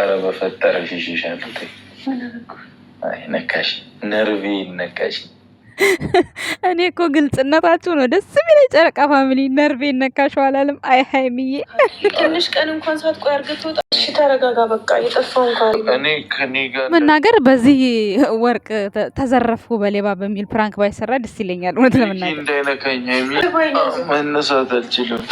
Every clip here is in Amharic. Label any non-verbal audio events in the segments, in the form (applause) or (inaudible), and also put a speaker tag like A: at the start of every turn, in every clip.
A: ኧረ በፈጠረሽ ይሻሻል ነካሽ፣ ነርቬ ነካሽ።
B: እኔ እኮ ግልጽነታችሁ ነው ደስ የሚለኝ። ጨረቃ ፋሚሊ ነርቬ ነካሸው አላለም። አይ ሀይሚዬ
C: ትንሽ ቀን እንኳን ሳትቆይ አርግቶ እሺ፣ ተረጋጋ በቃ የጠፋው
A: እንኳን
B: መናገር በዚህ ወርቅ ተዘረፍኩ በሌባ በሚል ፕራንክ ባይሰራ ደስ ይለኛል።
A: እውነት ለምናገር እንዳይነካኝ መነሳት አልችልም፣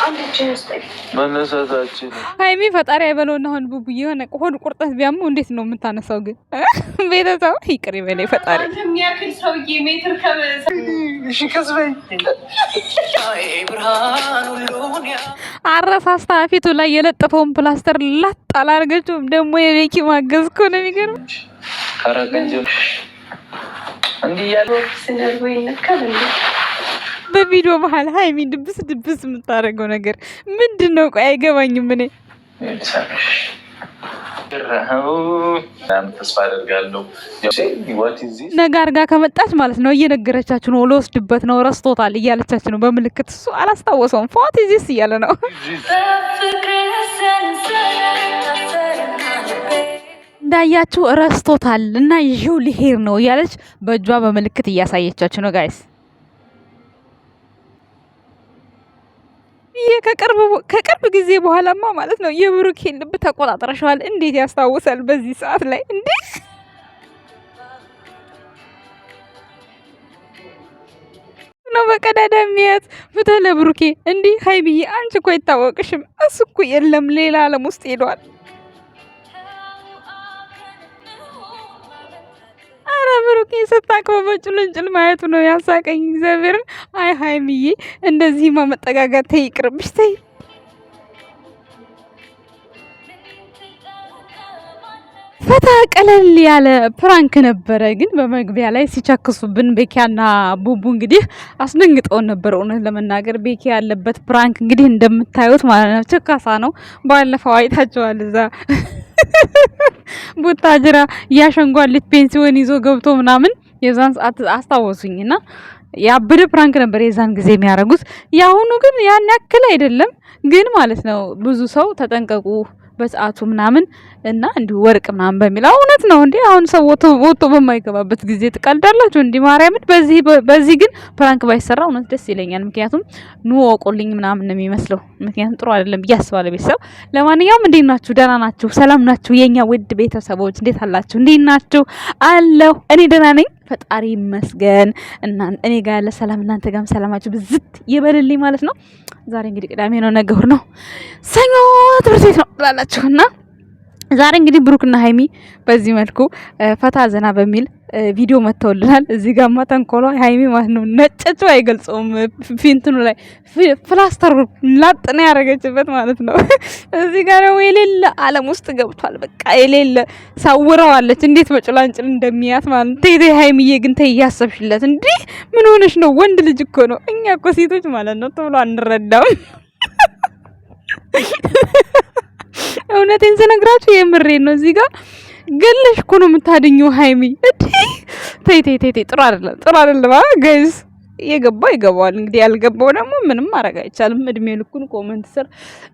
A: መነሳት አልችልም።
B: ሀይሚ ፈጣሪ አይበለውና አሁን ቡቡ የሆነ ሆድ ቁርጠት ቢያሙ እንዴት ነው የምታነሳው? ግን (laughs) ቤተሰብ ይቅር ይበለኝ
D: ፈጣሪ ሰውዬ ሜትር
B: አረሳስታ ፊቱ ላይ የለጠፈውን ፕላስተር ላጥ አላደረገችውም። ደግሞ የቤኪ ማገዝ እኮ ነው የሚገርመው። በቪዲዮ መሀል ሀይሚ ድብስ ድብስ የምታደርገው ነገር ምንድን ነው? ቆይ አይገባኝም እኔ
A: ተስፋ አደርጋለሁ።
B: ነጋር ጋር ከመጣች ማለት ነው እየነገረቻችሁ ነው። ልወስድበት ነው ረስቶታል እያለቻችሁ ነው በምልክት እሱ አላስታወሰውም። ፎት እያለ ነው እንዳያችሁ ረስቶታል እና ይዤው ልሄድ ነው እያለች በእጇ በምልክት እያሳየቻችሁ ነው ጋይስ ይሄ ከቅርብ ጊዜ በኋላማ ማለት ነው የብሩኬን ልብ ተቆጣጥረሸዋል። እንዴት ያስታውሳል በዚህ ሰዓት ላይ እንዴ! ነው በቀዳዳ የሚያዝ ፍትህ ለብሩኬ። እንዲህ ሀይ ብዬ አንቺ እኮ አይታወቅሽም። እሱ እኮ የለም ሌላ አለም ውስጥ ሄዷል። ብሩኬ ስታቅበበጭ ልንጭል ማየቱ ነው ያሳቀኝ። እግዚአብሔርን አይ ሀይሚዬ፣ እንደዚህ መጠጋጋት ተይ፣ ይቅርብሽ፣ ተይ ፈታ ቀለል ያለ ፕራንክ ነበረ፣ ግን በመግቢያ ላይ ሲቸክሱብን ቤኪያና ቡቡ እንግዲህ አስደንግጠውን ነበር። እውነት ለመናገር ቤኪ ያለበት ፕራንክ እንግዲህ እንደምታዩት ማለት ነው ችካሳ ነው። ባለፈው አይታቸዋል እዛ (laughs) ቡታጅራ ያሸንጓልት ፔንሲዮን ይዞ ገብቶ ምናምን የዛን ሰዓት አስታወሱኝና ያበደ ፕራንክ ነበር የዛን ጊዜ የሚያደርጉት። የአሁኑ ግን ያን ያክል አይደለም ግን ማለት ነው። ብዙ ሰው ተጠንቀቁ በሰዓቱ ምናምን እና እንዲሁ ወርቅ ምናምን በሚል እውነት ነው እንዴ? አሁን ሰው ወጥቶ በማይገባበት ጊዜ ትቀልዳላችሁ እንዲህ ማርያምን። በዚህ በዚህ ግን ፕራንክ ባይሰራ እውነት ደስ ይለኛል። ምክንያቱም ኑ ወቁልኝ ምናምን ነው የሚመስለው። ምክንያቱም ጥሩ አይደለም ብዬ አስባለሁ ቤተሰብ። ለማንኛውም እንዴት ናችሁ? ደህና ናችሁ? ሰላም ናችሁ? የኛ ውድ ቤተሰቦች እንዴት አላችሁ? እንዴት ናችሁ? አለሁ እኔ ደህና ነኝ። ፈጣሪ ይመስገን። እኔ ጋር ያለ ሰላም እናንተ ጋርም ሰላማችሁ ብዝት ይበልልኝ ማለት ነው። ዛሬ እንግዲህ ቅዳሜ ነው፣ ነገ እሑድ ነው፣ ሰኞ ትምህርት ቤት ነው ብላላችሁና ዛሬ እንግዲህ ብሩክና ሀይሚ በዚህ መልኩ ፈታ ዘና በሚል ቪዲዮ መተውልናል። እዚህ ጋማ ተንኮሏ ሀይሚ ማለት ነው ነጨቹ አይገልጸውም። ፊንትኑ ላይ ፍላስተር ላጥ ነው ያደረገችበት ማለት ነው። (laughs) እዚህ ጋር ደግሞ የሌለ አለም ውስጥ ገብቷል። በቃ የሌለ ሳውረዋለች። እንዴት በጭላንጭል እንደሚያት ማለት ነው። ቴቴ ሀይሚዬ ግን ተይ እያሰብሽለት እንዲህ ምን ሆነሽ ነው? ወንድ ልጅ እኮ ነው። እኛ እኮ ሴቶች ማለት ነው ተብሎ አንረዳም። (laughs) እውነቴን ስነግራችሁ የምሬን ነው። እዚህ ጋር ገለሽ እኮ ነው ሀይሚ። ተይ ተይ ተይ፣ ጥሩ አይደለም፣ ጥሩ አይደለም። ገዝ የገባ ይገባዋል። እንግዲህ ያልገባው ደግሞ ምንም ማድረግ አይቻልም። እድሜ ልኩን ኮመንት ስር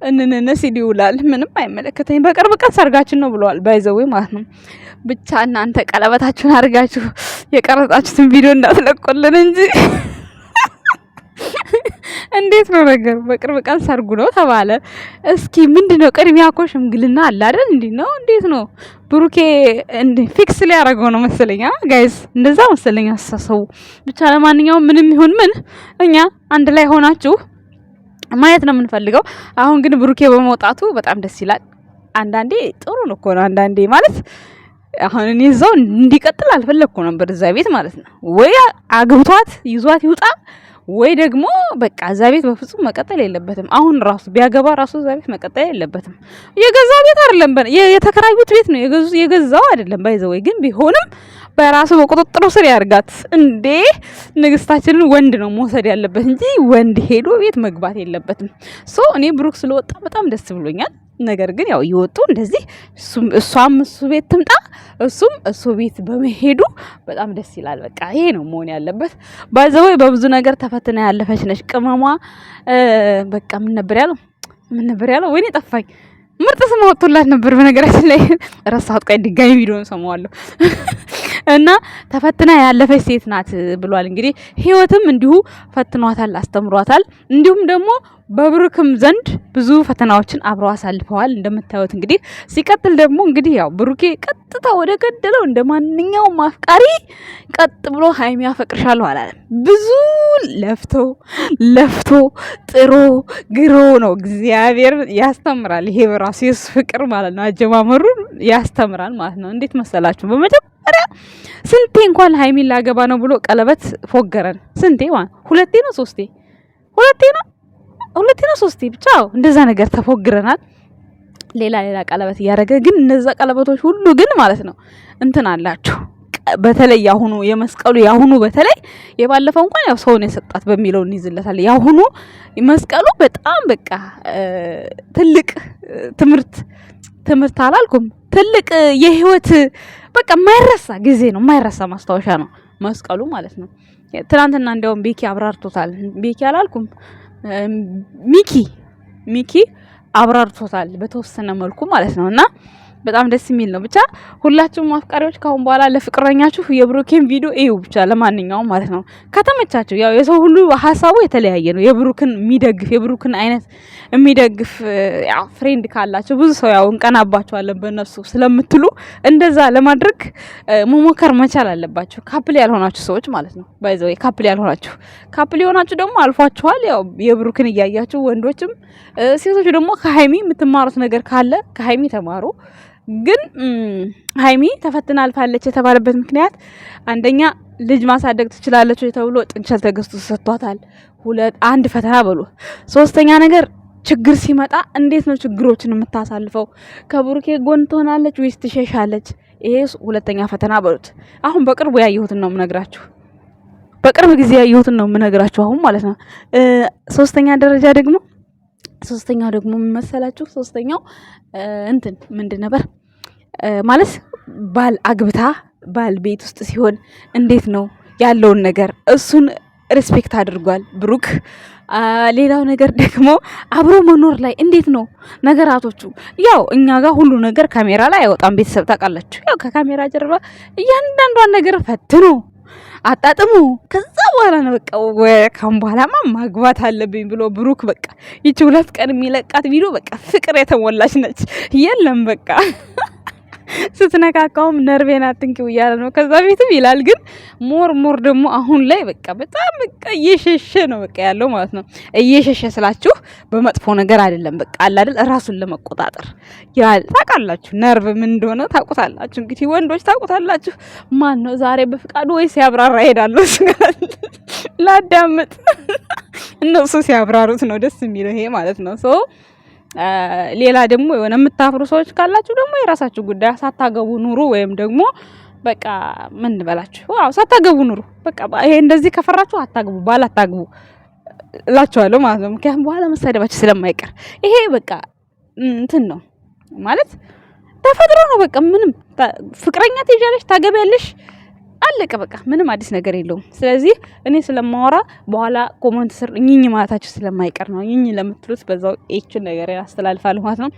B: እንንነ ሲል ይውላል። ምንም አይመለከተኝ። በቅርብ ቀን ሰርጋችን ነው ብለዋል። ባይዘዌ ማለት ነው። ብቻ እናንተ ቀለበታችሁን አድርጋችሁ የቀረጻችሁትን ቪዲዮ እንዳትለቁልን እንጂ እንዴት ነው ነገር በቅርብ ቀን ሰርጉ ነው ተባለ። እስኪ ምንድን ነው ቅድሚያ እኮ ሽምግልና አለ አይደል? እንዴት ነው እንዴት ነው ብሩኬ ፊክስ ሊያደርገው ነው መሰለኛ። ጋይስ እንደዛ መሰለኛ አስተሳሰቡ። ብቻ ለማንኛውም ምንም ይሁን ምን እኛ አንድ ላይ ሆናችሁ ማየት ነው የምንፈልገው። አሁን ግን ብሩኬ በመውጣቱ በጣም ደስ ይላል። አንዳንዴ ጥሩ ነው እኮ ነው። አንዳንዴ ማለት አሁን እኔ እዛው እንዲቀጥል አልፈለግኩ ነበር እዛ ቤት ማለት ነው። ወይ አግብቷት ይዟት ይውጣ ወይ ደግሞ በቃ እዛ ቤት በፍጹም መቀጠል የለበትም። አሁን ራሱ ቢያገባ ራሱ እዛ ቤት መቀጠል የለበትም። የገዛው ቤት አይደለም፣ የተከራዩት ቤት ነው። የገዛው አይደለም። ባይዘወይ ግን ቢሆንም በራሱ በቁጥጥሩ ስር ያርጋት እንዴ። ንግስታችንን ወንድ ነው መውሰድ ያለበት እንጂ ወንድ ሄዶ ቤት መግባት የለበትም። ሶ እኔ ብሩክ ስለወጣ በጣም ደስ ብሎኛል። ነገር ግን ያው እየወጡ እንደዚህ እሷም እሱ ቤት ትምጣ እሱም እሱ ቤት በመሄዱ በጣም ደስ ይላል። በቃ ይሄ ነው መሆን ያለበት። ባይዘወይ በብዙ ነገር ተፈትና ያለፈች ነች ቅመሟ። በቃ ምን ነበር ያለው? ምን ነበር ያለው? ወይኔ ጠፋኝ። ምርጥ ስም ወጥቶላት ነበር። በነገራችን ላይ ረሳሁት። ቆይ ድጋሚ ቪዲዮን ሰማዋለሁ። እና ተፈትና ያለፈች ሴት ናት ብሏል። እንግዲህ ህይወትም እንዲሁ ፈትኗታል፣ አስተምሯታል። እንዲሁም ደግሞ በብሩክም ዘንድ ብዙ ፈተናዎችን አብረው አሳልፈዋል እንደምታዩት። እንግዲህ ሲቀጥል ደግሞ እንግዲህ ያው ብሩኬ ቀጥታ ወደ ገደለው እንደ ማንኛውም አፍቃሪ ቀጥ ብሎ ሀይሚ ያፈቅርሻለሁ አላለም። ብዙ ለፍቶ ለፍቶ ጥሮ ግሮ ነው። እግዚአብሔር ያስተምራል። ይሄ በራሱ የሱ ፍቅር ማለት ነው። አጀማመሩ ያስተምራል ማለት ነው። እንዴት መሰላችሁ በመጀመ ኧረ ስንቴ እንኳን ሀይሚን ላገባ ነው ብሎ ቀለበት ፎገረን። ስንቴ ዋን ሁለቴ ነው ሶስቴ፣ ሁለቴ ነው ሁለቴ ነው ሶስቴ ብቻ እንደዛ ነገር ተፎግረናል። ሌላ ሌላ ቀለበት እያደረገ ግን እነዛ ቀለበቶች ሁሉ ግን ማለት ነው እንትን አላችሁ በተለይ ያሁኑ የመስቀሉ ያሁኑ በተለይ የባለፈው እንኳን ያው ሰውን የሰጣት በሚለው እንይዝለታል። ያሁኑ መስቀሉ በጣም በቃ ትልቅ ትምህርት ትምህርት አላልኩም ትልቅ የህይወት በቃ የማይረሳ ጊዜ ነው፣ የማይረሳ ማስታወሻ ነው መስቀሉ ማለት ነው። ትናንትና እንዲያውም ቤኪ አብራርቶታል። ቤኪ አላልኩም፣ ሚኪ ሚኪ አብራርቶታል በተወሰነ መልኩ ማለት ነው እና በጣም ደስ የሚል ነው። ብቻ ሁላችሁም አፍቃሪዎች ካሁን በኋላ ለፍቅረኛችሁ የብሩኬን ቪዲዮ እዩ ብቻ ለማንኛውም ማለት ነው ከተመቻችሁ። ያው የሰው ሁሉ ሀሳቡ የተለያየ ነው። የብሩክን የሚደግፍ የብሩክን አይነት የሚደግፍ ፍሬንድ ካላቸው ብዙ ሰው ያው እንቀናባቸዋለን በእነሱ ስለምትሉ እንደዛ ለማድረግ መሞከር መቻል አለባቸው ካፕል ያልሆናችሁ ሰዎች ማለት ነው። ባይዘው ካፕል ያልሆናችሁ ካፕል የሆናችሁ ደግሞ አልፏችኋል። ያው የብሩክን እያያችሁ ወንዶችም ሴቶች ደግሞ ከሀይሚ የምትማሩት ነገር ካለ ከሀይሚ ተማሩ። ግን ሀይሚ ተፈትና አልፋለች የተባለበት ምክንያት አንደኛ ልጅ ማሳደግ ትችላለች ተብሎ ጥንቸል ተገዝቶ ተሰጥቷታል። ሁለት አንድ ፈተና በሉ። ሶስተኛ ነገር ችግር ሲመጣ እንዴት ነው ችግሮችን የምታሳልፈው? ከብሩኬ ጎን ትሆናለች ወይስ ትሸሻለች? ይሄ ሁለተኛ ፈተና በሉት። አሁን በቅርቡ ያየሁትን ነው የምነግራችሁ። በቅርብ ጊዜ ያየሁትን ነው የምነግራችሁ አሁን ማለት ነው። ሶስተኛ ደረጃ ደግሞ ሶስተኛው ደግሞ የምመሰላችሁ ሶስተኛው እንትን ምንድን ነበር ማለት ባል አግብታ ባል ቤት ውስጥ ሲሆን እንዴት ነው ያለውን ነገር እሱን ሬስፔክት አድርጓል ብሩክ። ሌላው ነገር ደግሞ አብሮ መኖር ላይ እንዴት ነው ነገራቶቹ። ያው እኛ ጋር ሁሉ ነገር ካሜራ ላይ አይወጣም፣ ቤተሰብ ታውቃላችሁ። ያው ከካሜራ ጀርባ እያንዳንዷን ነገር ፈትኖ አጣጥሙ። ከዛ በኋላ ነው በቃ ከም በኋላማ ማግባት አለብኝ ብሎ ብሩክ በቃ ይቺ ሁለት ቀን የሚለቃት ቪዲዮ በቃ ፍቅር የተሞላች ነች። የለም በቃ ስትነካካውም ነርቬን አትንኪው እያለ ነው። ከዛ በፊትም ይላል፣ ግን ሞር ሞር ደግሞ አሁን ላይ በቃ በጣም በቃ እየሸሸ ነው በቃ ያለው ማለት ነው። እየሸሸ ስላችሁ በመጥፎ ነገር አይደለም፣ በቃ አላደል ራሱን ለመቆጣጠር ያል ታውቃላችሁ፣ ነርቭ ምን እንደሆነ ታውቁታላችሁ። እንግዲህ ወንዶች ታውቁታላችሁ። ማን ነው ዛሬ በፍቃዱ ወይ ሲያብራራ ሄዳለሁ ላዳምጥ፣ እነሱ ሲያብራሩት ነው ደስ የሚለው ይሄ ማለት ነው ሰው ሌላ ደግሞ የሆነ የምታፍሩ ሰዎች ካላችሁ ደግሞ የራሳችሁ ጉዳይ፣ ሳታገቡ ኑሩ። ወይም ደግሞ በቃ ምን በላችሁ፣ አዎ ሳታገቡ ኑሩ። በቃ ይሄ እንደዚህ ከፈራችሁ አታግቡ፣ ባል አታግቡ እላችኋለሁ ማለት ነው። ምክንያቱም በኋላ መሳደባችሁ ስለማይቀር ይሄ በቃ እንትን ነው ማለት ተፈጥሮ ነው። በቃ ምንም ፍቅረኛ ትይዣለሽ፣ ታገቢያለሽ አለቀ። በቃ ምንም አዲስ ነገር የለውም። ስለዚህ እኔ ስለማወራ በኋላ ኮመንት ስር እኝኝ ማለታችሁ ስለማይቀር ነው እኝኝ ለምትሉት በዛው ኤችን ነገር አስተላልፋለሁ ማለት ነው።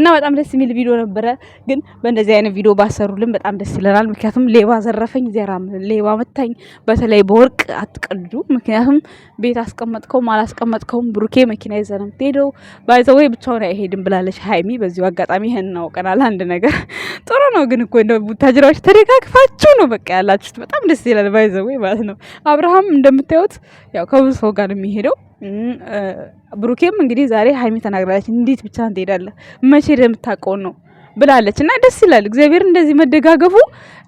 B: እና በጣም ደስ የሚል ቪዲዮ ነበረ፣ ግን በእንደዚህ አይነት ቪዲዮ ባሰሩልን በጣም ደስ ይለናል። ምክንያቱም ሌባ ዘረፈኝ፣ ዜራም ሌባ መታኝ። በተለይ በወርቅ አትቀልዱ። ምክንያቱም ቤት አስቀመጥከውም አላስቀመጥከውም ብሩኬ መኪና ይዘህ ነው የምትሄደው። ባይዘወይ ብቻውን አይሄድም ብላለች ሀይሚ። በዚሁ አጋጣሚ ይህን እናውቀናል አንድ ነገር ጥሩ ነው ግን እኮ እንደው ቡታጅራዎች ተደጋግፋችሁ ነው በቃ ያላችሁት። በጣም ደስ ይላል። ወይ ማለት ነው። አብርሃም እንደምታዩት ያው ከብዙ ሰው ጋር የሚሄደው ብሩኬም እንግዲህ ዛሬ ሀይሚ ተናግራለች። እንዴት ብቻ ትሄዳለህ መቼ እንደምታውቀውን ነው ብላለች እና ደስ ይላል። እግዚአብሔር እንደዚህ መደጋገፉ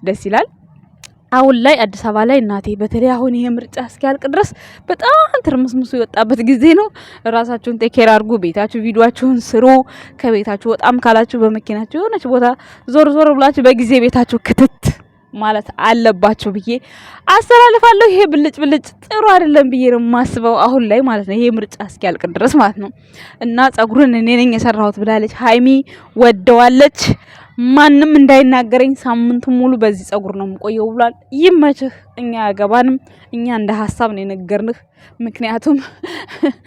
B: ደስ ይላል። አሁን ላይ አዲስ አበባ ላይ እናቴ በተለይ አሁን ይሄ ምርጫ እስኪያልቅ ድረስ በጣም ትርምስምሱ የወጣበት ጊዜ ነው። ራሳችሁን ቴኬር አድርጉ። ቤታችሁ ቪዲዮችሁን ስሩ። ከቤታችሁ በጣም ካላችሁ በመኪናችሁ የሆነች ቦታ ዞር ዞር ብላችሁ በጊዜ ቤታችሁ ክትት ማለት አለባችሁ ብዬ አስተላልፋለሁ። ይሄ ብልጭ ብልጭ ጥሩ አይደለም ብዬ ነው የማስበው አሁን ላይ ማለት ነው። ይሄ ምርጫ እስኪያልቅ ድረስ ማለት ነው እና ጸጉሩን እኔ ነኝ የሰራሁት ብላለች ሀይሚ ወደዋለች። ማንም እንዳይናገረኝ ሳምንቱ ሙሉ በዚህ ጸጉር ነው የምቆየው ብሏል። ይመችህ። እኛ ያገባንም እኛ እንደ ሀሳብ ነው የነገርንህ። ምክንያቱም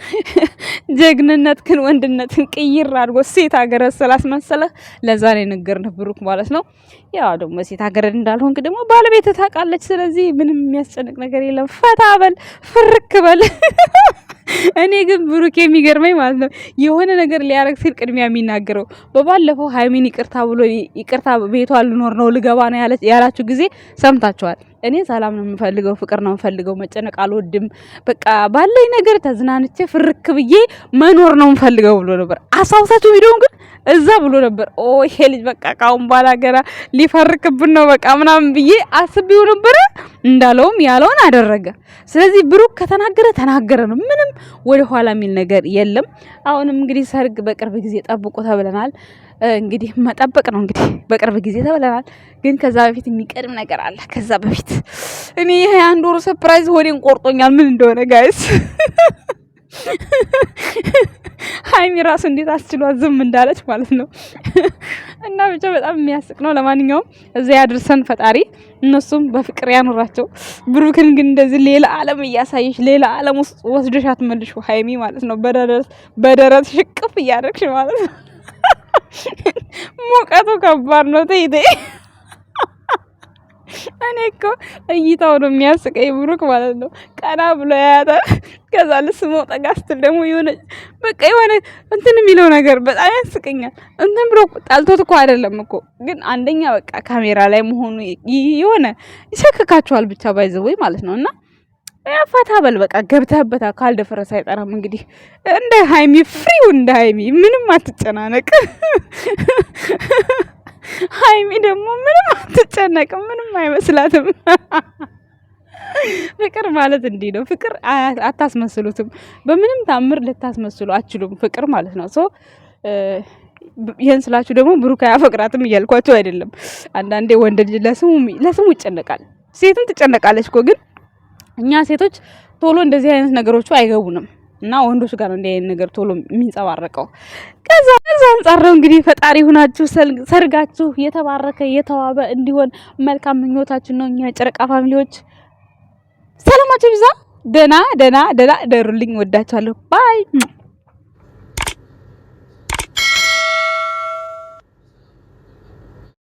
B: (laughs) ጀግንነት ወንድነትን ቅይር አድርጎ ሴት ሀገረ ስላስመሰለህ ለዛ ነው የነገርንህ ብሩክ ማለት ነው። ያው ደግሞ ሴት ሀገረ እንዳልሆንክ ደግሞ ባለቤት ታውቃለች። ስለዚህ ምንም የሚያስጨንቅ ነገር የለም። ፈታ በል፣ ፍርክ በል። (laughs) እኔ ግን ብሩክ የሚገርመኝ ማለት ነው የሆነ ነገር ሊያረግ ሲል ቅድሚያ የሚናገረው በባለፈው ሀይሚን ይቅርታ ብሎ ይቅርታ ቤቷ ልኖር ነው ልገባ ነው ያላችሁ ጊዜ ሰምታችኋል። እኔ ሰላም ነው የምፈልገው፣ ፍቅር ነው የምፈልገው፣ መጨነቅ አልወድም። በቃ ባለኝ ነገር ተዝናንቼ ፍርክ ብዬ መኖር ነው የምፈልገው ብሎ ነበር። አስታውሳችሁ ቪዲዮውን ግን እዛ ብሎ ነበር። ኦ ይሄ ልጅ በቃ ካሁን በኋላ ገና ሊፈርክብን ነው በቃ ምናምን ብዬ አስቤው ነበረ። እንዳለውም ያለውን አደረገ። ስለዚህ ብሩክ ከተናገረ ተናገረ ነው። ምንም ወደ ኋላ የሚል ነገር የለም። አሁንም እንግዲህ ሰርግ በቅርብ ጊዜ ጠብቆ ተብለናል። እንግዲህ መጠበቅ ነው። እንግዲህ በቅርብ ጊዜ ተብለናል፣ ግን ከዛ በፊት የሚቀድም ነገር አለ። ከዛ በፊት እኔ ይሄ አንድ ወሩ ሰርፕራይዝ ሆዴን ቆርጦኛል። ምን እንደሆነ ጋይስ ሀይሚ ራሱ እንዴት አስችሏ ዝም እንዳለች ማለት ነው። (laughs) እና ብቻ በጣም የሚያስቅ ነው። ለማንኛውም እዚ ያድርሰን ፈጣሪ፣ እነሱም በፍቅር ያኖራቸው። ብሩክን ግን እንደዚህ ሌላ ዓለም እያሳየሽ ሌላ ዓለም ውስጥ ወስደሽ አትመልሹ ሀይሚ ማለት ነው። በደረት ሽቅፍ እያደረግሽ ማለት ነው። (laughs) ሙቀቱ ከባድ ነው። ተይ ተይ (laughs) እኔ እኮ እይታው ነው የሚያስቀኝ፣ ብሩክ ማለት ነው። ቀና ብሎ ያያታል። ከዛ ልስሞ ጠጋ ስትል ደግሞ የሆነ በቃ የሆነ እንትን የሚለው ነገር በጣም ያስቀኛል። እንትን ብሎ ጣልቶት እኮ አይደለም እኮ ግን አንደኛ በቃ ካሜራ ላይ መሆኑ የሆነ ይሰክካችኋል ብቻ ባይዘወይ ማለት ነው እና በል በቃ አካል ካልደፈረስ አይጠራም እንግዲህ እንደ ሀይሚ ፍሪው እንደ ሀይሚ ምንም አትጨናነቅ። ሀይሚ ደግሞ ምን አትጨነቅም፣ ምንም አይመስላትም። (laughs) ፍቅር ማለት እንዲህ ነው። ፍቅር አታስመስሉትም፣ በምንም ታምር ልታስመስሉ አችሉም። ፍቅር ማለት ነው። ሶ ይህን ስላችሁ ደግሞ ብሩክ አያፈቅራትም እያልኳቸው አይደለም። አንዳንዴ ወንድ ልጅ ለስሙ ይጨነቃል፣ ሴትም ትጨነቃለች እኮ ግን እኛ ሴቶች ቶሎ እንደዚህ አይነት ነገሮቹ አይገቡንም። እና ወንዶች ጋር እንደ እንዲህ አይነት ነገር ቶሎ የሚንጸባረቀው። ከዛ ከዛ አንጻር ነው እንግዲህ ፈጣሪ ሁናችሁ ሰርጋችሁ የተባረከ የተዋበ እንዲሆን መልካም ምኞታችን ነው። እኛ ጨረቃ ፋሚሊዎች ሰላማችሁ ይብዛ። ደና ደና ደና ደሩልኝ። ወዳችኋለሁ። ባይ